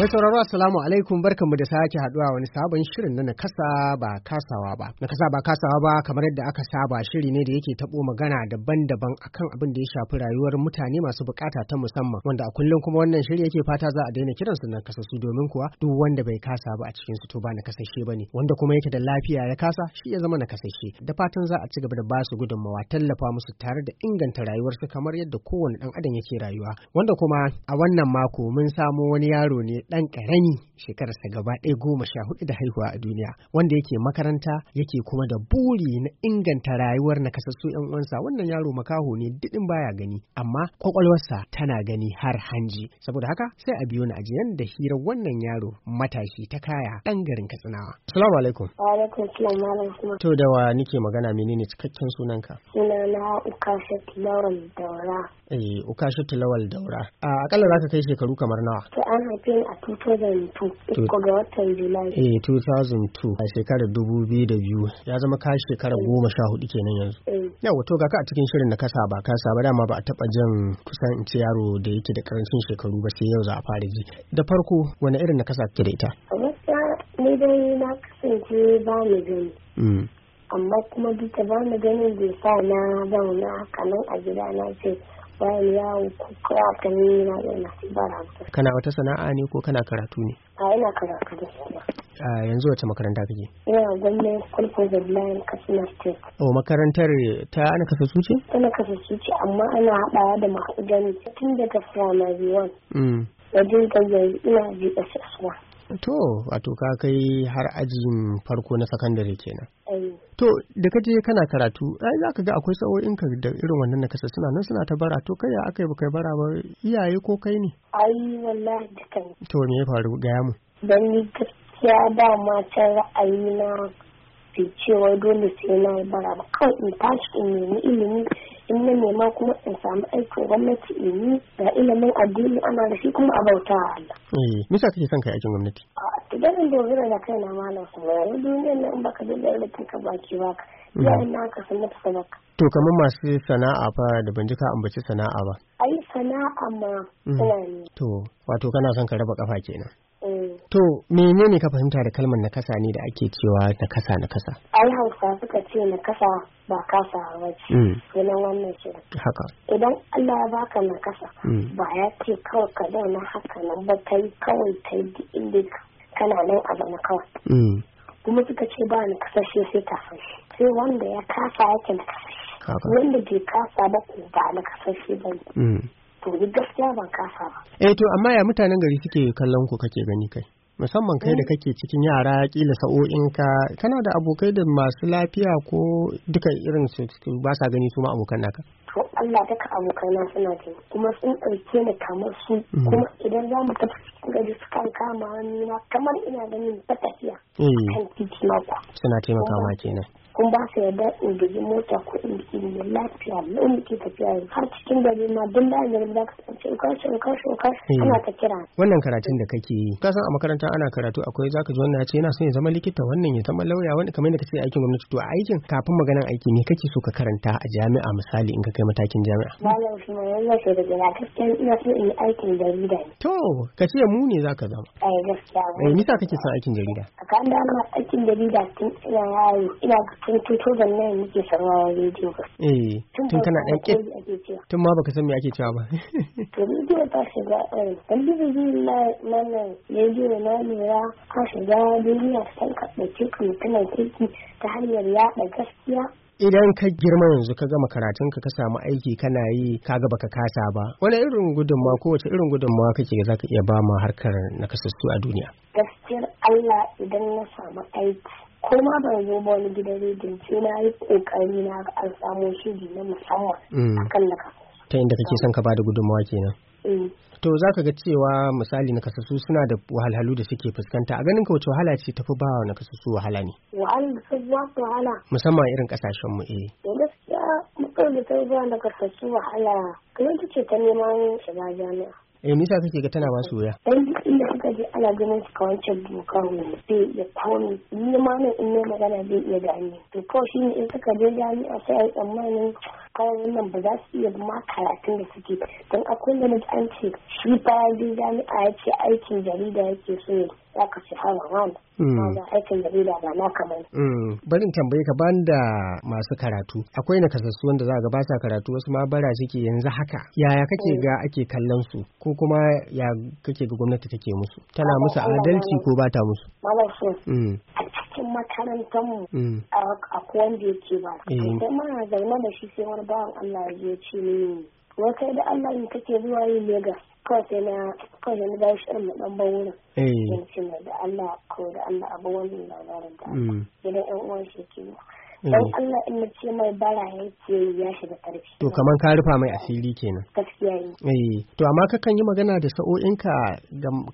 Mai sauraro Assalamu alaikum barkanmu da sake haduwa wani sabon shirin na nakasa ba kasawa ba. Nakasa ba kasawa ba kamar yadda aka saba shiri ne da yake tabo magana daban-daban akan abin da ya shafi rayuwar mutane masu bukata ta musamman wanda a kullum kuma wannan shiri yake fata za a daina kiransu na kasassu domin kuwa duk wanda bai kasa ba a cikin su to ba na kasashe bane wanda kuma yake da lafiya ya kasa shi ya zama na kasashe da fatan za a ci gaba da ba su gudunmawa tallafa musu tare da inganta rayuwarsu kamar yadda kowane dan adam yake rayuwa wanda kuma a wannan mako mun samo wani yaro ne ɗan ƙarami shekararsa gaba ɗaya goma sha hudu da haihuwa a duniya wanda yake makaranta yake kuma da buri na inganta rayuwar nakasassu yan uwansa wannan yaro makaho ne didin baya gani amma kwakwalwarsa tana gani har hanji saboda haka sai a biyo ni aji da hirar wannan yaro matashi ta kaya ɗan garin katsinawa. Assalamu alaikum. Wa alaikum salam To da wa nike magana menene cikakken sunanka? Sunana Ukashat Lauren Daura. eh ukashi tilawal daura a akalla zaka kai shekaru kamar nawa ta an haife ni a 2002 Ikko ga watan july eh 2002 a shekarar 2002 ya zama ka shekarar eh. goma sha hudu kenan yanzu eh. yawa to ga ka a cikin shirin na kasa ba kasa ba dama ba a taba jan kusan in ce yaro da yake da karancin shekaru ba sai yau za a fara ji da farko wani irin na kasa ke da ita ni dai na kasance ba mu gani mm. amma kuma duka ba mu ganin bai sa na zauna haka nan a gida na ce bayan yawo ko kaya ka ne na da na bara kana wata sana'a ne ko kana karatu ne a ina karatu da a yanzu wace makaranta kake ina gwamnati kwalfa zabilayen katsina state o makarantar ta ana kasa suce ana kasa suce amma ana haɗawa da ma'udani tun daga primary one mm. wajen gayyari ina ji 1 to wato ka kai har ajin farko na sakandare kenan to da ka je kana karatu ai za ka ga akwai sa'o'in ka da irin wannan na kasa suna nan suna ta bara to kai ya aka yi baka bara ba iyaye ko kai ne ai wallahi dukan to me ya faru gaya mu dan ni gaskiya ba ma ta ra'ayi na bai cewa dole sai na yi bara ba kawai in tashi in nemi ilimi in na nema kuma in samu aikin gwamnati in yi ga ilimin addini ana da shi kuma a bauta Allah. Eh, misa kake son kai aikin gwamnati? A ganin dogara da kai na malam su bayan duniyar nan baka da ka baki ba yayin na ka san mata sabaka to kamar masu sana'a fa da ban ji ka ambaci sana'a ba ai sana'a ma suna mhm. ne to wato kana son ka raba kafa kenan eh. To menene ka fahimta da kalmar nakasa ne da ake cewa nakasa nakasa? Ai hausa suka ce nakasa ba kasa ce. Mm. Sunan wannan ce. Haka. Idan Allah ya baka nakasa mm. ba ya ce kawai ka zauna haka nan ba ta yi kawai ta yi inda ka tana nan a bana kawai mm. kuma suka ce ba ni kasashe sai ta kasashe sai wanda ya kasa yake na kasashe wanda bai kasa ba ko ba na kasashe ba mm. to ni gaskiya ban kasa ba eh to amma ya mutanen gari suke kallon ku kake gani kai musamman kai da eh. kake cikin yara kila sa'o'inka kana da abokai da masu lafiya ko duka irin su ba sa gani su ma abokan naka to Allah duka abokaina suna ce kuma sun ɗauke ni kamar su mm. kuma idan za mu tafi cikin gari su kan kama wani na kamar ina ganin ta tafiya mm. kan titi suna taimaka ma kenan kun ba ka yarda in gaji mota ko in biki ne lafiya lau muke tafiya har cikin gari ma duk da yanzu za ka tsanci ukashi ukashi ukashi hmm. ana ta kira. wannan karatun da kake yi ka san a makaranta ana karatu akwai za ka ji wannan ya ce yana son ya zama likita wannan ya zama lauya wani kamar yadda ce aikin gwamnati to a aikin kafin maganan aiki ne kake so ka karanta a jami'a misali in ka kai matakin jami'a. yau shi ma yanzu ce da jira gaskiya ina so in yi aikin jarida. to ka ce mu ne za ka zama. ai eh, gaskiya. Eh, me yasa kake son aikin jarida. a kan da aikin jarida tun ina yaro ina tun 2009 nake sauraron rediyo ba. Eh, tun kana ɗan ƙin. Tun ma baka san me ake cewa ba. To rediyo ta shiga ɗari. Eh, dan bibiyi na nan rediyo na lura ka shiga duniya san ka ɗauke ka kirki ta hanyar yaɗa gaskiya idan ka girma yanzu ka gama karatun ka ka samu aiki kana yi ka gaba baka kasa ba wani irin gudunmawa kowace irin gudunmawa kake zaka iya ba ma harkar nakasassu a duniya gaskiyar Allah idan na samu aiki ko ma ban zo ba wani gidan rediyo sai na yi kokari na an samu shiri na musamman mm. akan naka. ta inda kake son ka ba da gudunmawa kenan mm. to za ka ga cewa misali nakasassu suna da wahalhalu da suke fuskanta a ganin ka wace wahala ce tafi ba wa nakasassu wahala ne wahala musamman irin kasashen mu eh gaskiya mutum da ta ba nakasassu wahala kuma ce ta neman shiga jami'a eh nisa kake ga tana ba soyayya dan duk inda kuka je ana ganin shi kawai can dokar ne sai ya komi ni ma nan in magana zai iya gane to ko shi ne in suka je jami'a sai a yi tsammanin kwanan nan ba za su iya ma karatun da suke don akwai da an ce shi bayan zai jami'a ya ce aikin jarida yake so ya ka shi hawa wani ba aikin jarida ba na kamar hmm. barin tambayi ka ban da masu karatu akwai kasassu wanda za ga ba sa karatu wasu ma bara suke yanzu haka yaya kake hmm. ga ake kallon su ko kuma ya kake ga gwamnati take musu tana musu adalci ko ba ta musu hmm. a cikin makarantar mu a ya yake ba eh. sai muna zaune da shi sai wani wani bawan Allah ya je ce mini wai kai da Allah ne kake zuwa yin lega kawai sai na kawai sai na ba shi irin dan ban wurin eh da Allah ko da Allah abu wannan labarin da mm. gidan ƴan uwan shi ke don mm. Allah in na ce mai bara ya ce ya shiga karfi to kamar ka rufa mai asiri kenan gaskiya eh to amma kakan yi magana da sa'o'inka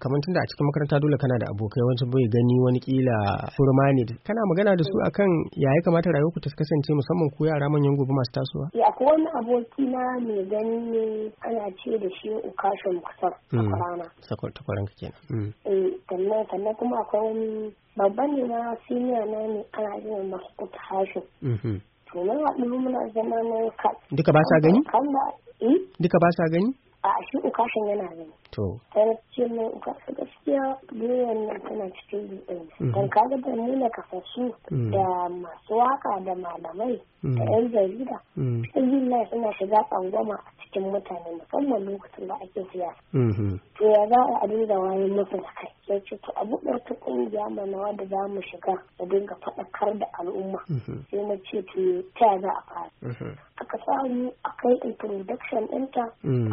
kamar tunda a cikin makaranta dole kana da abokai wani bai gani wani kila furma ne kana magana da su mm. akan ya ya kamata rayuwar ku ta kasance musamman ku yara manyan gobe masu tasowa ya eh, ko wani aboki na mai gani ne ana ce da shi ukashin mm. Sakwar ta kwaranka kenan eh sannan sannan kuma akwai wani babban ne na senior na ne ana masu kuta Mhm. to to mun haɗu muna zama mun duka ba sa gani hmm? duka ba sa gani a shi ukashin yana gani to sai ce mai uka gaskiya duniyar nan tana cikin dutsen mm-hmm. don ka ga da nuna kasashe mm-hmm. da masu waka da malamai da yan mm-hmm. jarida alhamdulillah suna shiga tsangwama a cikin mutane musamman lokacin da ake siyasa to ya za a dinga wayan musu da kai sai ce to abu ɗaya ta ƙungiya mana wadda za mu shiga da dinga faɗakar da al'umma sai na ce to ta za a fara aka samu akai introduction ɗinta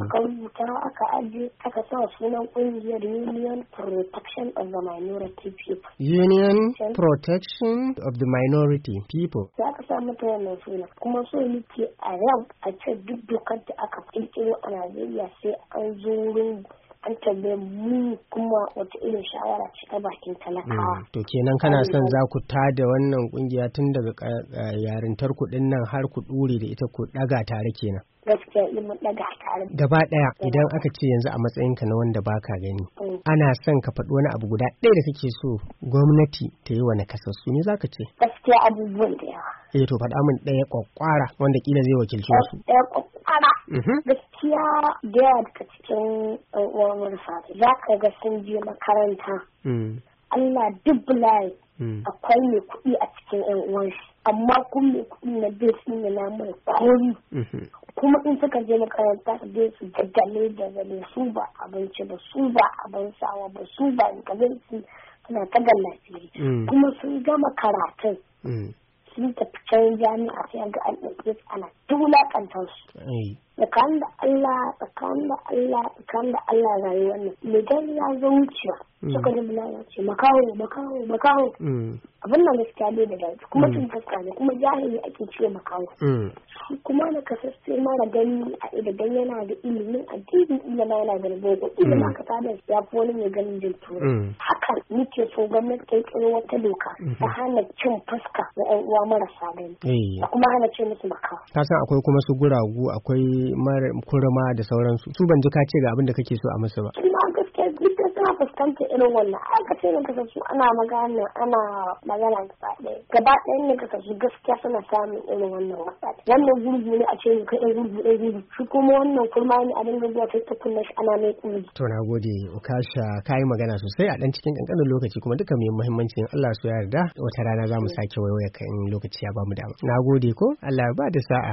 aka rubuta aka ajiye aka sa sunan ƙungiyar Union Protection of the Minority People. Union Protection of the Minority People. Za ka sa mata wannan suna kuma so ke a yau a ce duk dokar da aka ƙirƙiro a Najeriya sai an zo wurin an tambaye mu kuma wata irin shawara ce ta bakin talakawa. Hmm, to kenan kana son za ku da wannan ƙungiya tun daga eh, yarintar kuɗin nan har ku ɗure da ita ku ɗaga tare kenan. gaskiya in daga tare. Gaba ɗaya idan aka ce yanzu a matsayin ka na wanda baka gani. Mm. Ana son ka faɗi wani abu guda ɗaya da kake so gwamnati ta yi wa nakasassu ne zaka ce. Gaskiya abubuwan da yawa. Eh to faɗa min ɗaya kwakwara wanda kila zai wakilci wasu. Ɗaya kwakwara. Mhm. Gaskiya da yawa daga cikin ɗan'uwan marasa za ka ga sun je makaranta. Mm. Allah duk bulaye mm. akwai mai kuɗi a cikin 'yan uwansu amma kun mai kuɗi na bai sun yana mai kori mhm. suka je makaranta su je su gaggale da zane su ba abinci ba su ba abin sawa ba su ba kazan su suna ta gallace mm. kuma sun gama karatun mm. sun tafi can jami'a sai ga an ɗauke su ana su wulakantar su tsakanin da Allah tsakanin da Allah tsakanin da Allah rayuwar nan idan ya zo wucewa mm. suka ji ya ce makaho makaho makaho mm. abin nan gaskiya bai da daji kuma tun mm. fuska ne kuma jahili ake ce makaho kuma da kasasse mara gani a idan yana da ilimin addini ilima yana da rubutu ilima ka tada ya fi wani mai ganin jin tura hakan nake so gwamnati ta yi wata doka ta mm-hmm. hana cin fuska na 'yan uwa marasa gani da kuma hana ce musu makaho akwai kuma su guragu akwai kurma da sauransu su ban ji ka ce ga abin da kake so a musu ba fuskanta irin wannan a ka ce ka su ana magana ana magana gaba ɗaya gaba ɗaya ne ka su gaskiya suna samun irin wannan matsala wannan gurbi ne a ce ka ɗan gurbi ɗaya gurbi shi kuma wannan kurma ne a dinga zuwa ta tukun shi ana mai kuma. to na gode ukasha ka yi magana sosai a ɗan cikin ƙanƙanin lokaci kuma duka mai muhimmanci in Allah su yarda wata rana za mu sake waiwaya kan lokaci ya bamu dama na gode ko Allah ba da sa'a.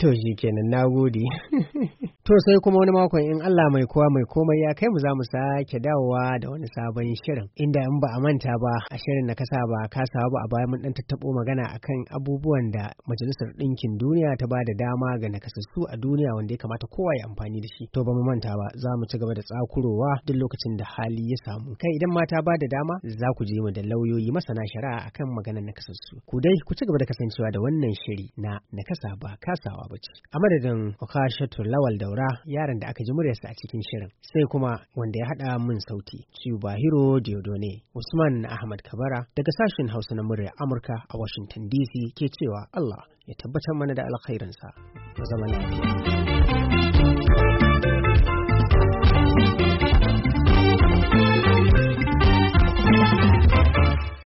to shi kenan na gode. To sai kuma wani makon in Allah mai kowa mai komai ya kai mu za mu sake dawowa da wani sabon shirin inda in ba a manta ba a shirin na kasa ba kasa ba a baya mun dan tattabo magana akan abubuwan da majalisar ɗinkin duniya ta ba da dama ga nakasassu a duniya wanda ya kamata kowa ya amfani da shi to ba mu manta ba za mu ci gaba da tsakurowa duk lokacin da hali ya samu kai idan mata ba da dama za ku je mu da lauyoyi masana shari'a akan maganar nakasassu ku dai ku ci gaba da kasancewa da wannan shiri na nakasa ba kasawa ba ce a madadin Okashatu Lawal da Daura yaran da aka ji muryarsa a cikin shirin sai kuma wanda ya haɗa min sauti Bahiro ne. Usman Ahmad Kabara daga sashen Hausa na muryar Amurka a Washington DC ke cewa Allah ya tabbatar mana da alkhairinsa. Zama lafiya.